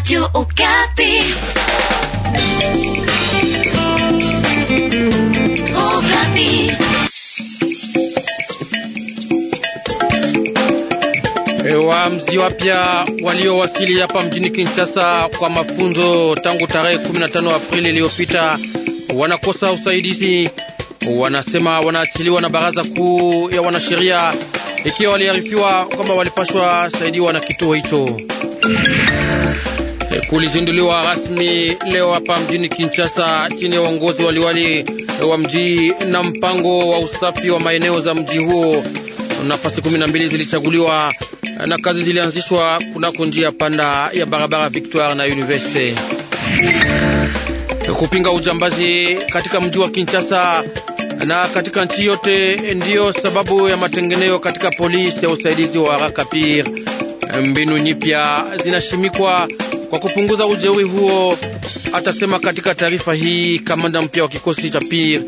Radio Okapi. Okapi. Waamzi wapya waliowasili hapa mjini Kinshasa kwa mafunzo tangu tarehe 15 Aprili iliyopita wanakosa usaidizi. Wanasema wanaachiliwa na baraza kuu ya wanasheria, ikiwa waliarifiwa kwamba walipashwa saidiwa na kituo hicho kulizinduliwa rasmi leo hapa mjini Kinshasa chini ya uongozi wa liwali wa mji na mpango wa usafi wa maeneo za mji huo. Nafasi kumi na mbili zilichaguliwa na kazi zilianzishwa kunako njia panda ya barabara Victoire na Universite. Kupinga ujambazi katika mji wa Kinshasa na katika nchi yote ndiyo sababu ya matengeneo katika polisi ya usaidizi wa haraka Pia Mbinu nyipya zinashimikwa kwa kupunguza ujeuri huo, atasema katika taarifa hii kamanda mpya wa kikosi cha PIR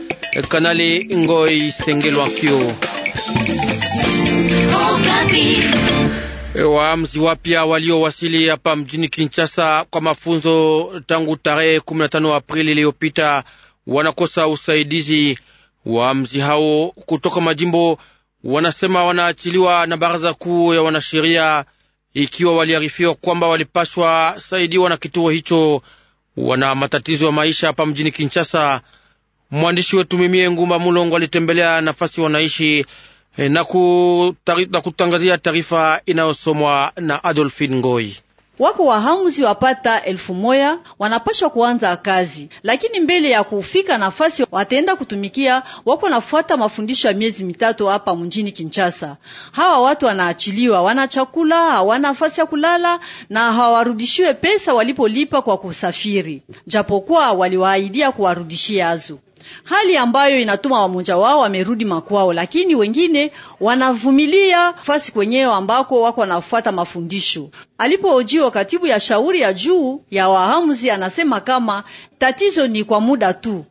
Kanali Ngoi Sengelwa Nkyo. E, waamzi wapya waliowasili hapa mjini Kinshasa kwa mafunzo tangu tarehe 15 Aprili iliyopita wanakosa usaidizi. Waamzi hao kutoka majimbo wanasema wanaachiliwa na baraza kuu ya wanasheria ikiwa waliarifiwa kwamba walipashwa saidiwa na kituo hicho. Wana matatizo ya maisha hapa mjini Kinshasa. Mwandishi wetu Mimie Ngumba Mulongo alitembelea nafasi wanaishi eh, na kutangazia taarifa inayosomwa na Adolfine Ngoi wako wahamuzi wapata elfu moya wanapashwa kuanza kazi, lakini mbele ya kufika nafasi wataenda kutumikia, wako nafuata mafundisho ya miezi mitatu hapa mjini Kinshasa. Hawa watu wanaachiliwa, wana chakula, hawana nafasi ya kulala na hawarudishiwe pesa walipolipa kwa kusafiri, japokuwa waliwaahidia kuwarudishia azu hali ambayo inatuma wamoja wao wamerudi makwao, lakini wengine wanavumilia fasi kwenyewe ambako wako wanafuata mafundisho. Alipoojiwa katibu ya shauri ya juu ya waamuzi, anasema kama tatizo ni kwa muda tu,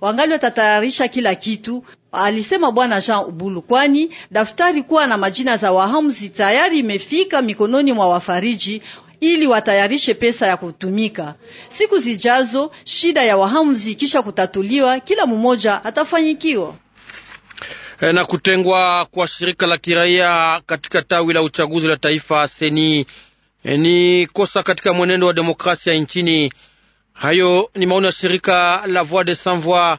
wangali watatayarisha kila kitu, alisema bwana Jean Ubulu, kwani daftari kuwa na majina za waamuzi tayari imefika mikononi mwa wafariji ili watayarishe pesa ya kutumika siku zijazo. Shida ya wahamuzi kisha kutatuliwa, kila mmoja atafanyikiwa eh, na kutengwa kwa shirika la kiraia katika tawi la uchaguzi la taifa seni eh, ni kosa katika mwenendo wa demokrasia nchini. Hayo ni maoni ya shirika la Voix des Sans Voix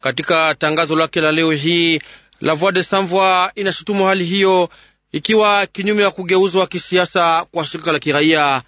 katika tangazo lake la leo hii. La Voix des Sans Voix inashutumu hali hiyo ikiwa kinyume ya kugeuzwa kisiasa kwa shirika la kiraia.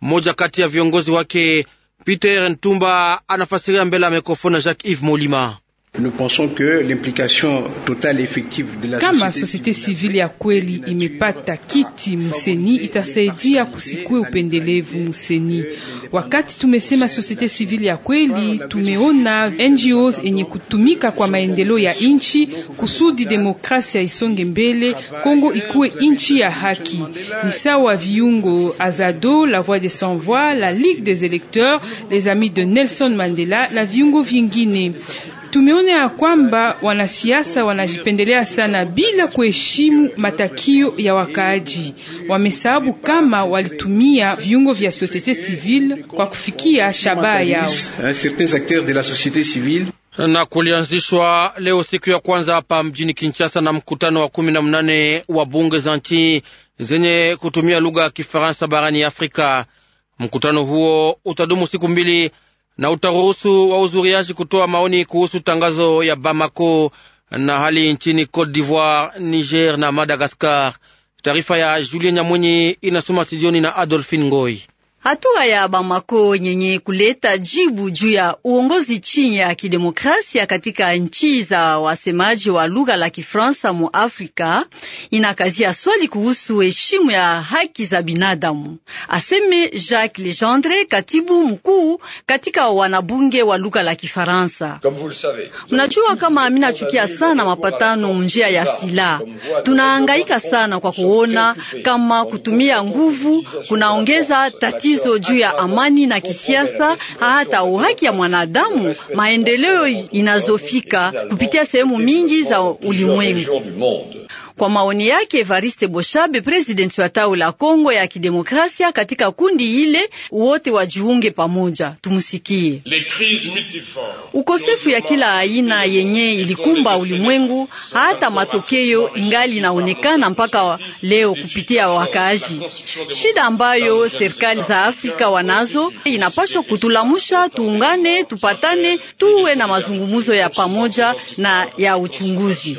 Mmoja kati ya viongozi wake Peter Ntumba anafasiria mbele ya mikrofoni ya Jacques Yves Molima. Nous pensons que l'implication totale effective de la Kama société civile ya kweli imepata kiti Museni itasaidia kusikue upendelevu Museni. Wakati tumesema société civile ya kweli, tumeona NGOs enye kutumika kwa maendeleo ya inchi kusudi demokrasia isonge mbele, Kongo ikue inchi ya haki. Ni sawa viungo Azado, la Voix des Sans Voix, la Ligue des électeurs, les amis de Nelson Mandela la viungo vingine Tumeona ya kwamba wanasiasa wanajipendelea sana bila kuheshimu matakio ya wakaaji. Wamesababu kama walitumia viungo vya societe civile kwa kufikia shabaha yao na kulianzishwa leo siku ya kwanza hapa mjini Kinshasa na mkutano wa kumi na mnane wa bunge za nchi zenye kutumia lugha ya Kifaransa barani Afrika. Mkutano huo utadumu siku mbili na utaruhusu wahudhuriaji kutoa maoni kuhusu tangazo ya Bamako na hali nchini Cote d'Ivoire, Niger na madagascar Taarifa ya Julien Nyamwinyi inasoma studioni na Adolphine Ngoi. Hatua ya Bamako nyenye kuleta jibu juu ya uongozi chini ya kidemokrasia katika nchi za wasemaji wa lugha la Kifaransa mu Afrika inakazia swali kuhusu heshimu ya haki za binadamu, aseme Jacques Legendre, katibu mkuu katika wanabunge wa lugha la Kifaransa. Mnajua kama minachukia sana mapatano njia ya silaha. Tunahangaika sana kwa kuona kama kutumia nguvu kunaongeza tatizo juu ya amani na kisiasa, hata uhaki ya mwanadamu, maendeleo inazofika kupitia sehemu mingi za ulimwengu. Kwa maoni yake Evariste Boshabe, presidenti wa tawi la Kongo ya Kidemokrasia katika kundi ile, wote wajiunge pamoja. Tumsikie. Ukosefu ya kila aina yenye ilikumba ulimwengu, hata matokeo ingali inaonekana mpaka leo kupitia wakaaji. Shida ambayo serikali za Afrika wanazo inapaswa kutulamusha, tuungane, tupatane, tuwe na mazungumzo ya pamoja na ya uchunguzi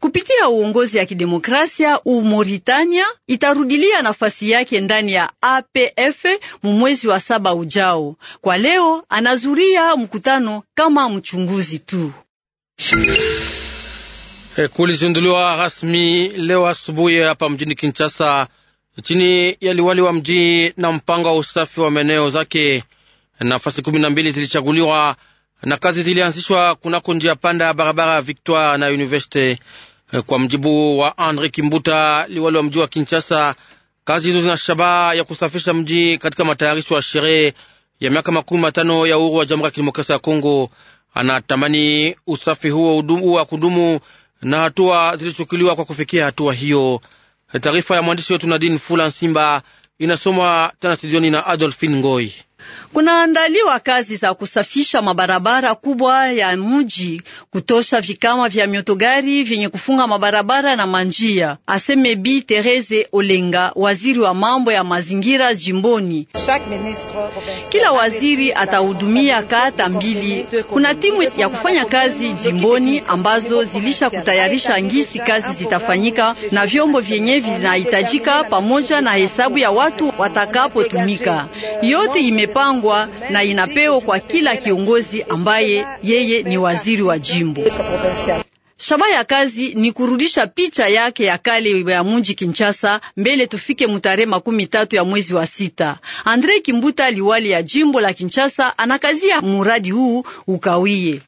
kupitia uongozi ya kidemokrasia uMoritania itarudilia nafasi yake ndani ya APF mumwezi wa saba ujao. Kwa leo anazuria mkutano kama mchunguzi tu. Eh, kulizinduliwa rasmi leo asubuhi hapa mjini Kinshasa chini ya liwali wa mji na mpango wa usafi wa maeneo zake. Nafasi kumi na mbili zilichaguliwa na kazi zilianzishwa kunako njia panda ya barabara Victoire na University. Kwa mjibu wa Andre Kimbuta, liwali wa mji wa Kinshasa, kazi hizo zina shabaha ya kusafisha mji katika matayarisho ya sherehe ya miaka makumi matano ya uhuru wa Jamhuri ya Kidemokrasia ya Kongo. Anatamani usafi huo wa kudumu na hatua zilichukuliwa kwa kufikia hatua hiyo. Taarifa ya mwandishi wetu Nadine Fula simba inasomwa tena studioni na Adolfin Ngoi. Kunaandaliwa kazi za kusafisha mabarabara kubwa ya mji, kutosha vikama vya miotogari vyenye kufunga mabarabara na manjia, aseme Bi Therese Olenga, waziri wa mambo ya mazingira jimboni. Kila waziri atahudumia kata mbili. Kuna timu ya kufanya kazi jimboni ambazo zilisha kutayarisha ngisi kazi zitafanyika na vyombo vyenye vinahitajika pamoja na hesabu ya watu watakapotumika. Yote ime imepangwa na inapewa kwa kila kiongozi ambaye yeye ni waziri wa jimbo. Shaba ya kazi ni kurudisha picha yake ya kale ya munji Kinshasa mbele tufike mutare makumi tatu ya mwezi wa sita. Andre Kimbuta, liwali ya jimbo la Kinshasa, anakazia muradi huu ukawie.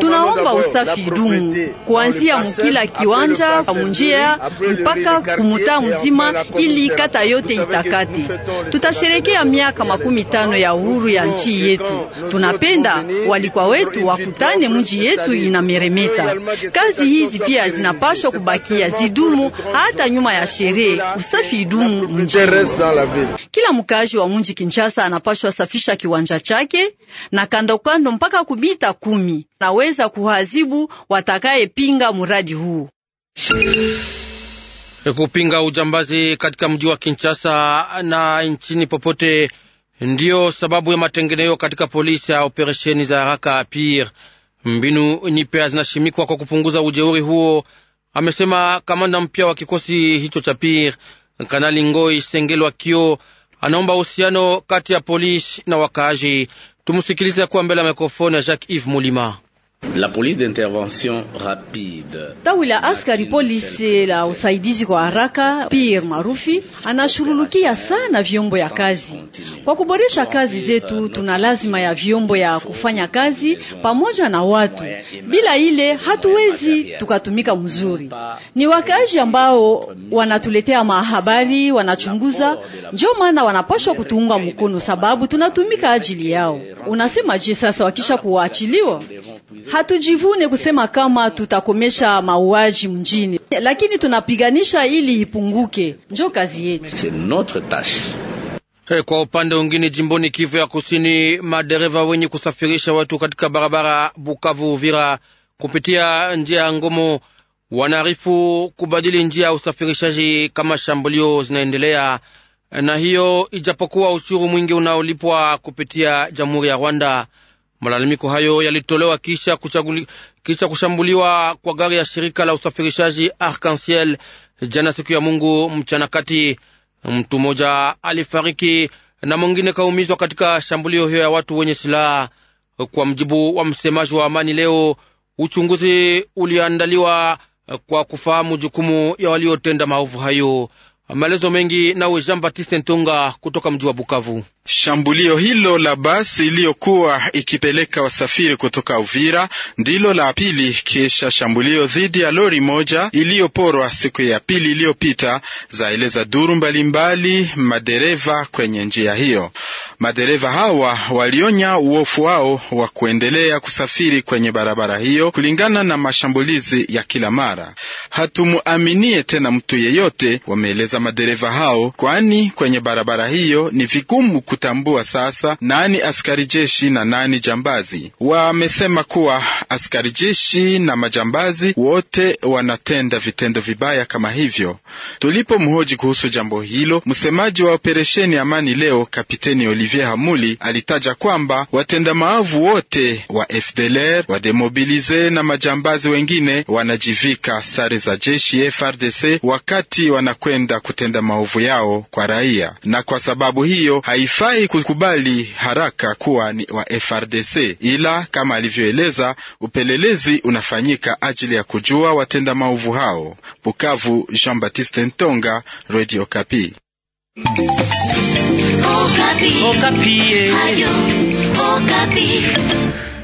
Tunaomba usafi dumu kuanzia mukila kiwanja munjia mpaka kumutaa mzima, ili kata yote itakate. Tutasherekea miaka makumi tano ya uhuru ya nchi yetu. Tunapenda walikwa wetu wakutane munji yetu inameremeta kazi hizi pia zinapashwa kubakia zidumu hata nyuma ya sherehe, usafi idumu mji. Kila mkaaji wa mji Kinshasa anapashwa safisha kiwanja chake na kando kando mpaka kubita kumi, naweza kuhazibu watakayepinga muradi huu. Kupinga ujambazi katika mji wa Kinshasa na nchini popote, ndiyo sababu ya matengenezo katika polisi ya operesheni za haraka pire Mbinu nyipya zinashimikwa kwa kupunguza ujeuri huo, amesema kamanda mpya wa kikosi hicho cha PIR Kanali Ngoi Sengelwa Kio. Anaomba uhusiano kati ya polisi na wakaaji. Tumsikilize kuwa mbele ya mikrofoni ya Jacques Yves Mulima. La police d'intervention rapide. Tawi la askari polisi la usaidizi kwa haraka Pierre Marufi anashurulukia sana vyombo ya kazi. Kwa kuboresha kazi zetu, tuna lazima ya vyombo ya kufanya kazi pamoja na watu. Bila ile hatuwezi tukatumika mzuri. Ni wakaaji ambao wanatuletea mahabari, wanachunguza, ndio maana wanapashwa kutuunga mkono, sababu tunatumika ajili yao. Unasema je sasa wakisha kuachiliwa? Hatujivune kusema kama tutakomesha mauaji mjini, lakini tunapiganisha ili ipunguke, njo kazi yetu. Hey, eh, kwa upande mwingine jimboni Kivu ya Kusini, madereva wenye kusafirisha watu katika barabara Bukavu Uvira kupitia njia ya Ngomo wanaarifu kubadili njia ya usafirishaji kama shambulio zinaendelea, na hiyo ijapokuwa ushuru mwingi unaolipwa kupitia Jamhuri ya Rwanda. Malalamiko hayo yalitolewa kisha, kisha kushambuliwa kwa gari ya shirika la usafirishaji Arc-en-Ciel jana siku ya Mungu mchana kati. Mtu mmoja alifariki na mwingine kaumizwa katika shambulio hiyo ya watu wenye silaha. Kwa mjibu wa msemaji wa amani leo, uchunguzi uliandaliwa kwa kufahamu jukumu ya waliotenda maovu hayo. Maelezo mengi nawe Jean Baptiste Ntonga kutoka mji wa Bukavu. Shambulio hilo la basi iliyokuwa ikipeleka wasafiri kutoka Uvira ndilo la pili kisha shambulio dhidi ya lori moja iliyoporwa siku ya pili iliyopita, zaeleza duru mbalimbali madereva kwenye njia hiyo. Madereva hawa walionya uofu wao wa kuendelea kusafiri kwenye barabara hiyo kulingana na mashambulizi ya kila mara. Hatumuaminie tena mtu yeyote, wameeleza madereva hao, kwani kwenye barabara hiyo ni vigumu kutambua sasa nani askari jeshi na nani jambazi. Wamesema kuwa askari jeshi na majambazi wote wanatenda vitendo vibaya kama hivyo. Tulipomhoji kuhusu jambo hilo, msemaji wa operesheni Amani leo Kapiteni Olivier Hamuli alitaja kwamba watenda maavu wote wa FDLR wademobilize na majambazi wengine wanajivika sare za jeshi FRDC wakati wanakwenda kutenda maovu yao kwa raia, na kwa sababu hiyo haifa Hatufai kukubali haraka kuwa ni wa FRDC, ila kama alivyoeleza, upelelezi unafanyika ajili ya kujua watenda maovu hao. Bukavu, Jean Baptiste Ntonga, Radio Kapi. Okapi. Okapi. Eh.